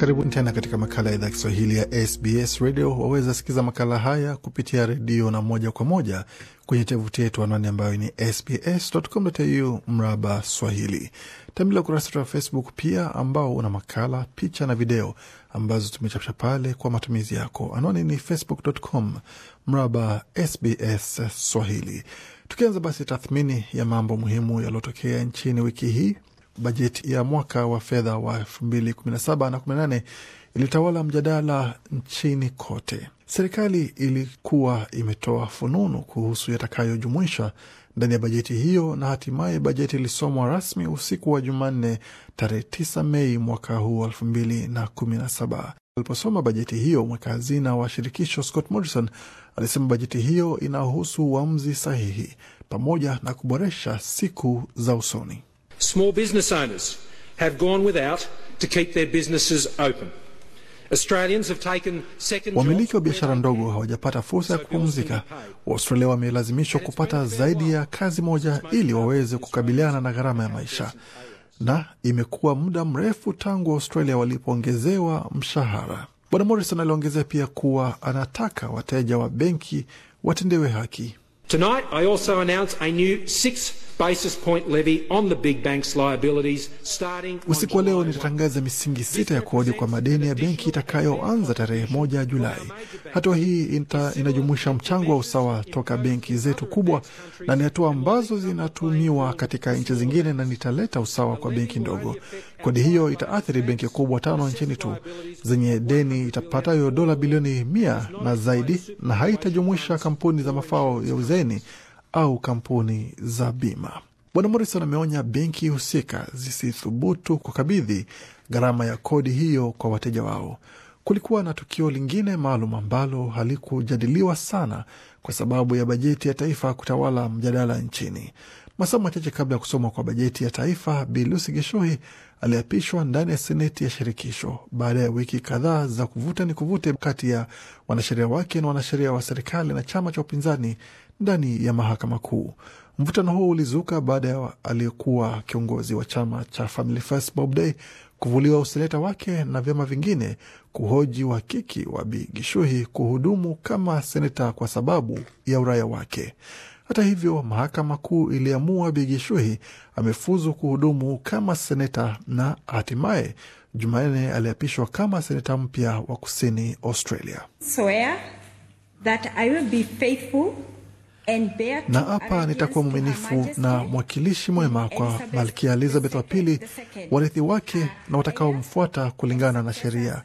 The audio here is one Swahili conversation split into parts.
Karibuni tena katika makala ya idhaa Kiswahili ya SBS Radio. Waweza sikiza makala haya kupitia redio na moja kwa moja kwenye tovuti yetu, anwani ambayo ni sbs.com.au mraba swahili. Tembelea ukurasa wetu wa Facebook pia ambao una makala, picha na video ambazo tumechapisha pale kwa matumizi yako. Anwani ni facebook.com mraba sbs swahili. Tukianza basi tathmini ya mambo muhimu yaliyotokea nchini wiki hii bajeti ya mwaka wa fedha wa 2017 na 18 ilitawala mjadala nchini kote. Serikali ilikuwa imetoa fununu kuhusu yatakayojumuisha ndani ya bajeti hiyo, na hatimaye bajeti ilisomwa rasmi usiku wa Jumanne tarehe 9 Mei mwaka huu 2017. Aliposoma bajeti hiyo, mweka hazina wa shirikisho Scott Morrison alisema bajeti hiyo inahusu uamuzi sahihi pamoja na kuboresha siku za usoni. Small business owners have gone without to keep their businesses open. Wamiliki wa biashara ndogo hawajapata fursa ya kupumzika. Waustralia wamelazimishwa kupata zaidi ya kazi moja ili waweze kukabiliana na gharama ya maisha, na imekuwa muda mrefu tangu Waustralia walipoongezewa mshahara. Bwana Morrison aliongezea pia kuwa anataka wateja wa benki watendewe haki. Tonight I also announce a new six basis point levy on the big bank's liabilities starting. Usiku wa leo nitatangaza misingi sita ya kodi kwa madeni ya benki itakayoanza tarehe moja Julai. Hatua hii inajumuisha mchango wa usawa toka benki zetu kubwa, na ni hatua ambazo zinatumiwa katika nchi zingine, na nitaleta usawa kwa benki ndogo. Kodi hiyo itaathiri benki kubwa tano nchini tu zenye deni itapatayo dola bilioni mia na zaidi, na haitajumuisha kampuni za mafao ya uzeni au kampuni za bima. Bwana Morrison ameonya benki husika zisithubutu kukabidhi gharama ya kodi hiyo kwa wateja wao. Kulikuwa na tukio lingine maalum ambalo halikujadiliwa sana kwa sababu ya bajeti ya taifa kutawala mjadala nchini. Masaa machache kabla ya kusomwa kwa bajeti ya taifa, Bi Lucy Gishuhi aliapishwa ndani ya seneti ya shirikisho baada ya wiki kadhaa za kuvuta ni kuvute kati ya wanasheria wake na wanasheria wa serikali na chama cha upinzani ndani ya mahakama kuu. Mvutano huo ulizuka baada ya aliyekuwa kiongozi wa chama cha Family First Bob Day kuvuliwa useneta wake na vyama vingine kuhoji uhakiki wa Bi Gishuhi kuhudumu kama seneta kwa sababu ya uraia wake. Hata hivyo, mahakama kuu iliamua Bigishuhi amefuzu kuhudumu kama seneta na hatimaye Jumanne aliapishwa kama seneta mpya wa kusini Australia. na hapa nitakuwa mwaminifu na mwakilishi mwema kwa Malkia Elizabeth wa Pili, warithi wake na watakaomfuata kulingana na sheria.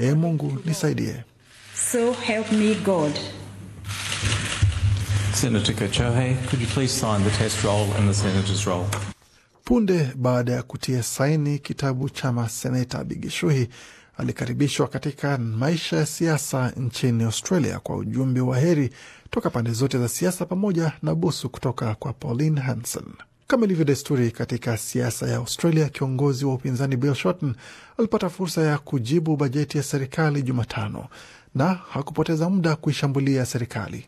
Ee Mungu nisaidie. So help me God. Senator Kachohe, could you please sign the test roll and the senator's roll? Punde baada ya kutia saini kitabu chama, seneta Bigishuhi alikaribishwa katika maisha ya siasa nchini Australia kwa ujumbe wa heri toka pande zote za siasa pamoja na busu kutoka kwa Pauline Hanson. Kama ilivyo desturi katika siasa ya Australia, kiongozi wa upinzani Bill Shorten alipata fursa ya kujibu bajeti ya serikali Jumatano na hakupoteza muda kuishambulia serikali.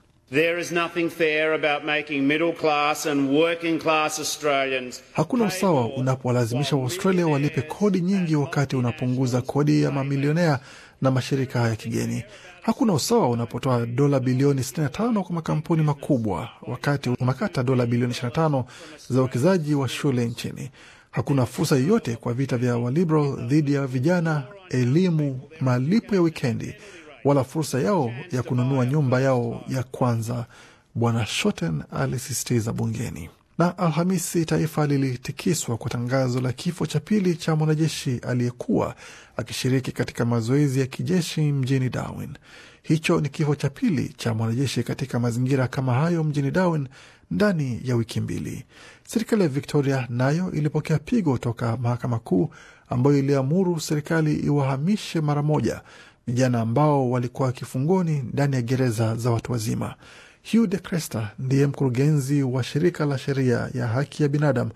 Hakuna usawa unapowalazimisha Waustralia walipe kodi nyingi wakati unapunguza kodi ya mamilionea na mashirika ya kigeni. Hakuna usawa unapotoa dola bilioni 65 kwa makampuni makubwa wakati unakata dola bilioni 25 za uwekezaji wa shule nchini. Hakuna fursa yoyote kwa vita vya Waliberal dhidi ya vijana, elimu, malipo ya wikendi wala fursa yao ya kununua nyumba yao ya kwanza, Bwana Shoten alisisitiza bungeni. Na Alhamisi taifa lilitikiswa kwa tangazo la kifo cha pili cha mwanajeshi aliyekuwa akishiriki katika mazoezi ya kijeshi mjini Darwin. Hicho ni kifo cha pili cha mwanajeshi katika mazingira kama hayo mjini Darwin ndani ya wiki mbili. Serikali ya Victoria nayo ilipokea pigo toka mahakama kuu ambayo iliamuru serikali iwahamishe mara moja vijana ambao walikuwa kifungoni ndani ya gereza za watu wazima. Hugh de Cresta ndiye mkurugenzi wa shirika la sheria ya haki ya binadamu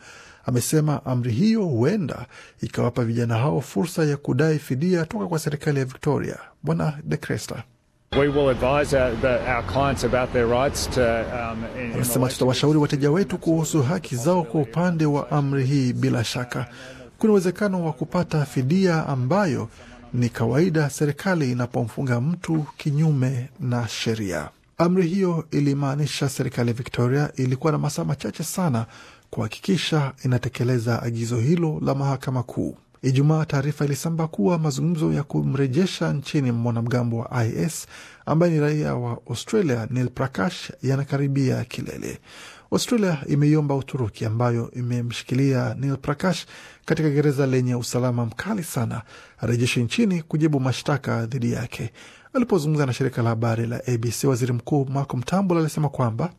amesema amri hiyo huenda ikawapa vijana hao fursa ya kudai fidia toka kwa serikali ya Victoria. Bwana de Cresta anasema um, tutawashauri wateja wetu kuhusu haki zao kwa upande wa amri hii. Bila shaka kuna uwezekano wa kupata fidia ambayo ni kawaida serikali inapomfunga mtu kinyume na sheria. Amri hiyo ilimaanisha serikali ya Victoria ilikuwa na masaa machache sana kuhakikisha inatekeleza agizo hilo la mahakama kuu. Ijumaa, taarifa ilisamba kuwa mazungumzo ya kumrejesha nchini mwanamgambo wa IS ambaye ni raia wa Australia Neil Prakash yanakaribia kilele. Australia imeiomba Uturuki ambayo imemshikilia Neil Prakash katika gereza lenye usalama mkali sana arejeshe nchini kujibu mashtaka dhidi yake. Alipozungumza na shirika la habari la ABC, waziri mkuu Malcolm Turnbull alisema kwamba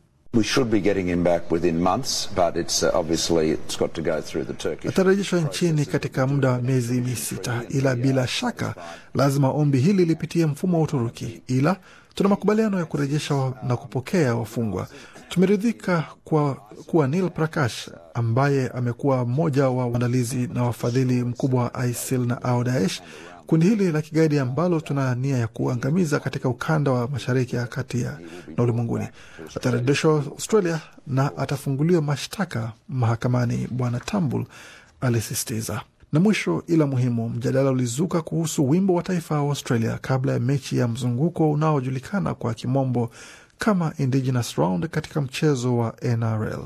Atarejeshwa nchini katika muda wa miezi misita, ila bila shaka lazima ombi hili lipitie mfumo wa Uturuki, ila tuna makubaliano ya kurejesha na kupokea wafungwa. Tumeridhika kwa kuwa Neil Prakash ambaye amekuwa mmoja wa waandalizi na wafadhili mkubwa wa ISIL na au Daesh Kundi hili la kigaidi ambalo tuna nia ya kuangamiza katika ukanda wa mashariki ya kati ya na ulimwenguni atarejeshwa Australia na atafunguliwa mashtaka mahakamani, Bwana Tambul alisisitiza. Na mwisho ila muhimu, mjadala ulizuka kuhusu wimbo wa taifa wa Australia kabla ya mechi ya mzunguko unaojulikana kwa kimombo kama Indigenous Round katika mchezo wa NRL.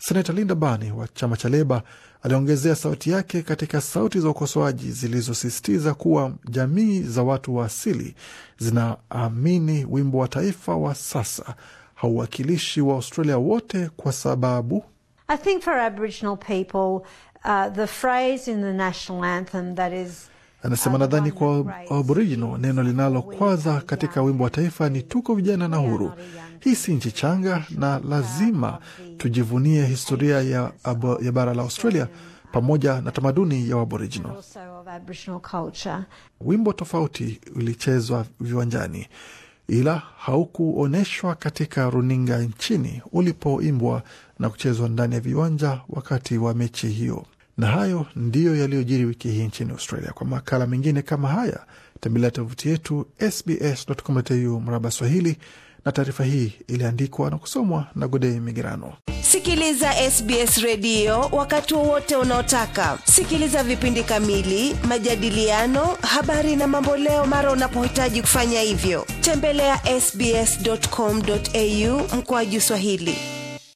Senata Linda Bani wa chama cha Leba aliongezea sauti yake katika sauti za ukosoaji zilizosisitiza kuwa jamii za watu wa asili zinaamini wimbo wa taifa wa sasa hauwakilishi wa Australia wote kwa sababu I think for Aboriginal people, uh, the phrase in the national anthem that is Anasema nadhani kwa Aboriginal neno linalokwaza katika wimbo wa taifa ni tuko vijana na huru. Hii si nchi changa, na lazima tujivunie historia ya, abo, ya bara la Australia pamoja na tamaduni ya Aboriginal. Wimbo tofauti ulichezwa viwanjani, ila haukuonyeshwa katika runinga nchini ulipoimbwa na kuchezwa ndani ya viwanja wakati wa mechi hiyo. Na hayo ndiyo yaliyojiri wiki hii nchini Australia. Kwa makala mengine kama haya, tembelea tovuti yetu sbs.com.au mraba Swahili. Na taarifa hii iliandikwa na kusomwa na Godei Migerano. Sikiliza SBS redio wakati wowote unaotaka. Sikiliza vipindi kamili, majadiliano, habari na mambo leo mara unapohitaji kufanya hivyo. Tembelea ya sbs.com.au mkoaju Swahili.